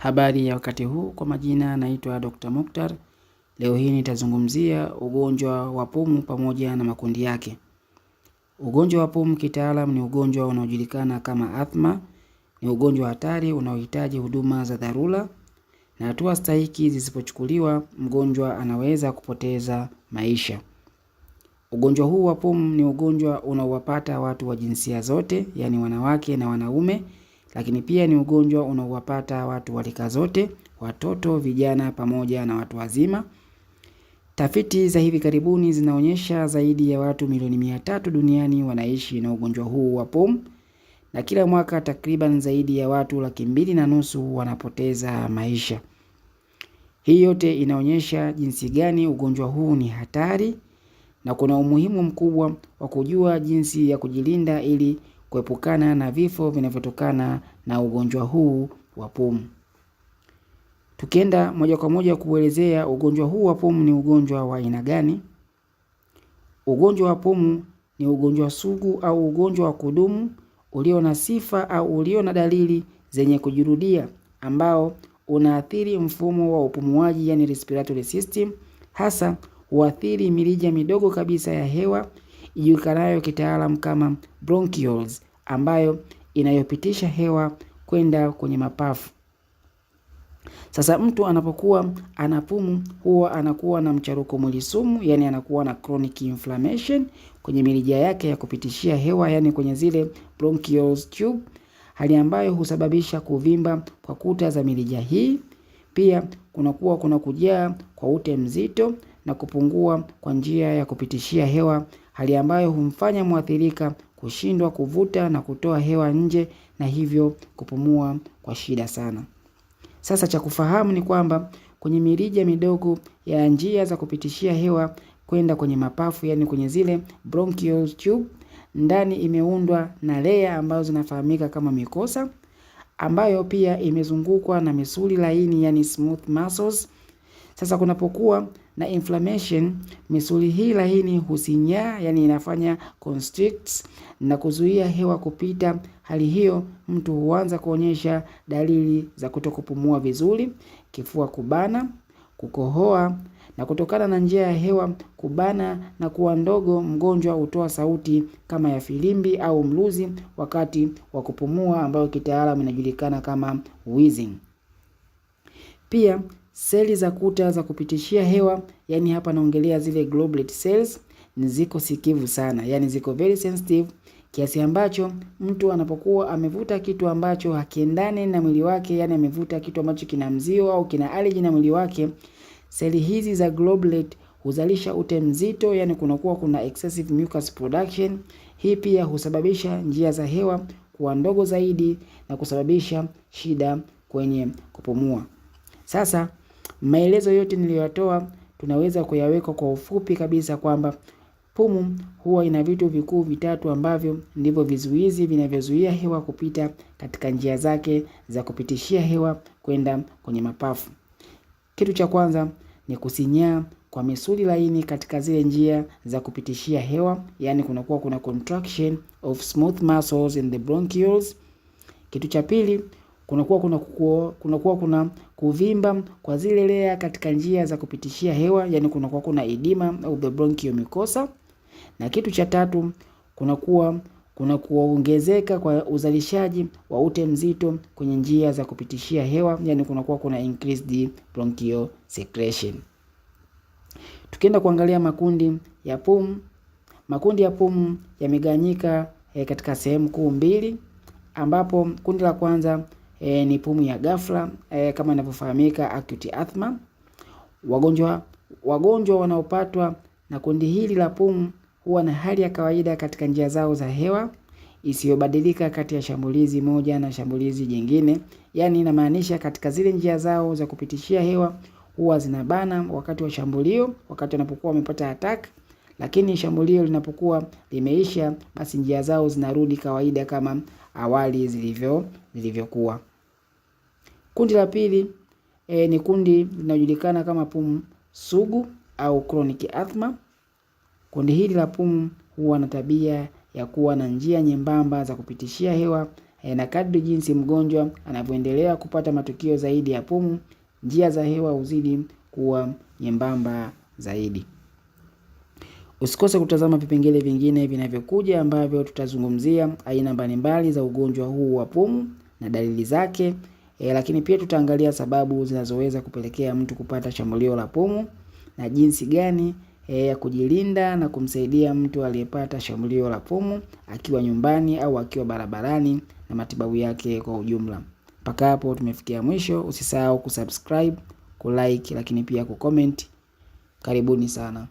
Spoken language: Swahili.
Habari ya wakati huu, kwa majina naitwa Dr. Mukhtar. Leo hii nitazungumzia ugonjwa wa pumu pamoja na makundi yake. Ugonjwa wa pumu kitaalam ni ugonjwa unaojulikana kama athma. Ni ugonjwa hatari unaohitaji huduma za dharura, na hatua stahiki zisipochukuliwa, mgonjwa anaweza kupoteza maisha. Ugonjwa huu wa pumu ni ugonjwa unaowapata watu wa jinsia zote, yaani wanawake na wanaume lakini pia ni ugonjwa unaowapata watu wa rika zote, watoto, vijana pamoja na watu wazima. Tafiti za hivi karibuni zinaonyesha zaidi ya watu milioni mia tatu duniani wanaishi na ugonjwa huu wa pumu na kila mwaka takriban zaidi ya watu laki mbili na nusu wanapoteza maisha. Hii yote inaonyesha jinsi gani ugonjwa huu ni hatari na kuna umuhimu mkubwa wa kujua jinsi ya kujilinda ili kuepukana na vifo vinavyotokana na ugonjwa huu wa pumu. Tukienda moja kwa moja kuelezea ugonjwa huu wa pumu ni ugonjwa wa aina gani? Ugonjwa wa pumu ni ugonjwa sugu au ugonjwa wa kudumu ulio na sifa au ulio na dalili zenye kujirudia ambao unaathiri mfumo wa upumuaji, yani respiratory system, hasa huathiri mirija midogo kabisa ya hewa ijulikanayo kitaalamu kama bronchioles ambayo inayopitisha hewa kwenda kwenye mapafu. Sasa mtu anapokuwa anapumu huwa anakuwa na mcharuko mwilisumu, yani anakuwa na chronic inflammation kwenye mirija yake ya kupitishia hewa, yani kwenye zile bronchioles tube, hali ambayo husababisha kuvimba kwa kuta za mirija hii. Pia kunakuwa kuna kujaa kwa ute mzito na kupungua kwa njia ya kupitishia hewa hali ambayo humfanya mwathirika kushindwa kuvuta na kutoa hewa nje na hivyo kupumua kwa shida sana. Sasa cha kufahamu ni kwamba kwenye mirija midogo ya njia za kupitishia hewa kwenda kwenye mapafu, yani kwenye zile bronchial tube, ndani imeundwa na lea ambazo zinafahamika kama mikosa ambayo pia imezungukwa na misuli laini, yani smooth muscles sasa kunapokuwa na inflammation, misuli hii laini husinyaa, yani inafanya constrict na kuzuia hewa kupita. Hali hiyo mtu huanza kuonyesha dalili za kutokupumua vizuri, kifua kubana, kukohoa na kutokana na njia ya hewa kubana na kuwa ndogo, mgonjwa hutoa sauti kama ya filimbi au mluzi wakati wa kupumua, ambayo kitaalamu inajulikana kama wheezing. Pia seli za kuta za kupitishia hewa, yani hapa naongelea zile goblet cells, ni ziko sikivu sana, yani ziko very sensitive kiasi ambacho mtu anapokuwa amevuta kitu ambacho hakiendani na mwili wake, yani amevuta kitu ambacho kina mzio au kina allergy na mwili wake, seli hizi za goblet huzalisha ute mzito, yani kunakuwa kuna excessive mucus production. Hii pia husababisha njia za hewa kuwa ndogo zaidi na kusababisha shida kwenye kupumua. Sasa Maelezo yote niliyotoa tunaweza kuyaweka kwa ufupi kabisa kwamba pumu huwa ina vitu vikuu vitatu ambavyo ndivyo vizuizi vinavyozuia hewa kupita katika njia zake za kupitishia hewa kwenda kwenye mapafu. Kitu cha kwanza ni kusinyaa kwa misuli laini katika zile njia za kupitishia hewa, yani kunakuwa kuna contraction of smooth muscles in the bronchioles. Kitu cha pili kunakuwa kuna, kunakuwa kuna kuvimba kwa zile lea katika njia za kupitishia hewa, yani kunakuwa kuna edema au the bronchial mucosa. Na kitu cha tatu kunakuwa kuna kuongezeka kwa uzalishaji wa ute mzito kwenye njia za kupitishia hewa, yani kunakuwa kuna increased bronchial secretion. Tukienda kuangalia makundi ya pumu, makundi ya pumu yamegawanyika eh, katika sehemu kuu mbili ambapo kundi la kwanza e, ni pumu ya ghafla e, kama inavyofahamika acute asthma. Wagonjwa wagonjwa wanaopatwa na kundi hili la pumu huwa na hali ya kawaida katika njia zao za hewa isiyobadilika kati ya shambulizi moja na shambulizi jingine, yaani inamaanisha katika zile njia zao za kupitishia hewa huwa zinabana wakati wa shambulio, wakati wanapokuwa wamepata attack, lakini shambulio linapokuwa limeisha, basi njia zao zinarudi kawaida kama awali zilivyo zilivyokuwa. Kundi la pili e, ni kundi linalojulikana kama pumu sugu au chronic asthma. Kundi hili la pumu huwa na tabia ya kuwa na njia nyembamba za kupitishia hewa e, na kadri jinsi mgonjwa anavyoendelea kupata matukio zaidi ya pumu, njia za hewa huzidi kuwa nyembamba zaidi. Usikose kutazama vipengele vingine vinavyokuja ambavyo tutazungumzia aina mbalimbali za ugonjwa huu wa pumu na dalili zake. E, lakini pia tutaangalia sababu zinazoweza kupelekea mtu kupata shambulio la pumu na jinsi gani e, ya kujilinda na kumsaidia mtu aliyepata shambulio la pumu akiwa nyumbani au akiwa barabarani na matibabu yake kwa ujumla. Mpaka hapo tumefikia mwisho. Usisahau kusubscribe, kulike lakini pia kucomment. Karibuni sana.